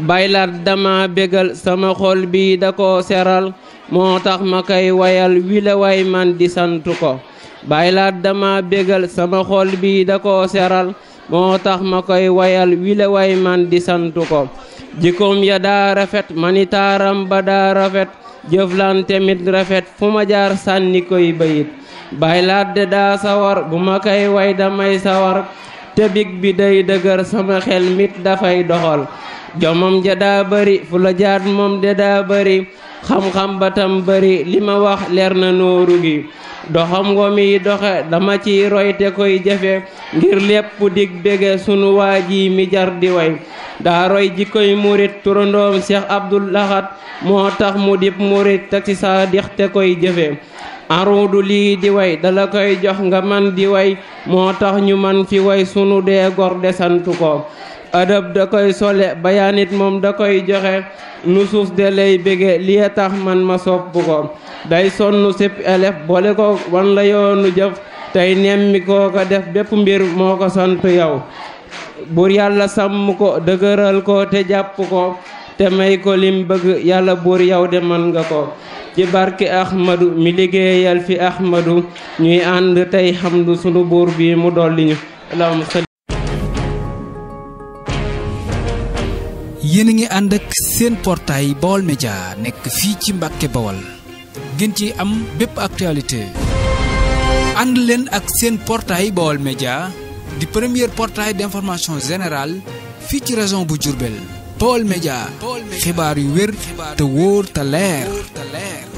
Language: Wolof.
baylat dama bégal sama xol bi da ko seral moo tax ma koy wayal wile way man di santu ko baylat dama bégal sama xol bi da ko seral moo tax ma koy wayal wile way man di santu ko jikkoom ya daa rafet ma ni taaram ba daa rafet jëflante mit rafet fu ma jaar sànni koy bayit baylat de daa sawar bu ma koy way damay sawar te big bi day dëgër sama xel mit dafay doxal jomam ja daa bari fu la jaat moom de daa bari xam-xam ba tam bari li ma wax leer na nooru gi doxam ngo doxe dama ciy royte koy jafe ngir lépp dig bége sunu waa ji mi jar di way daa roy jikkoy murit turandoom Cheikh Abdoul Ahad moo tax mu dib murit te ci te koy jëfe aruudu lii di way dala koy jox nga man di way moo tax ñu man fi way sunu dee gor desantu ko adab da koy sole bayaanit moom da koy joxe nusuus de lay bége li tax man ma sopp ko day sonnu sépp élève boole ko wan la yoonu jëf tey nemmi koo ko def bépp mbir moo ko sant yow buur yàlla sàmm ko dëgëral ko te jàpp ko te may ko lim bëgg yàlla buur yow de man nga ko ci barke ahmadu mi liggéeyal fi ahmadu ñuy ànd tey xam sunu buur bi mu dolli ñu allahumma salli yéen a ngi ànd ak seen portail Baol Média nekk fii ci Mbàkke Bawal ngeen ci am bépp actualité ànd leen ak seen portaay Baol Média di premier portail d'information générale fii ci région bu Diourbel Baol Média xibaar yu wér te wóor te leer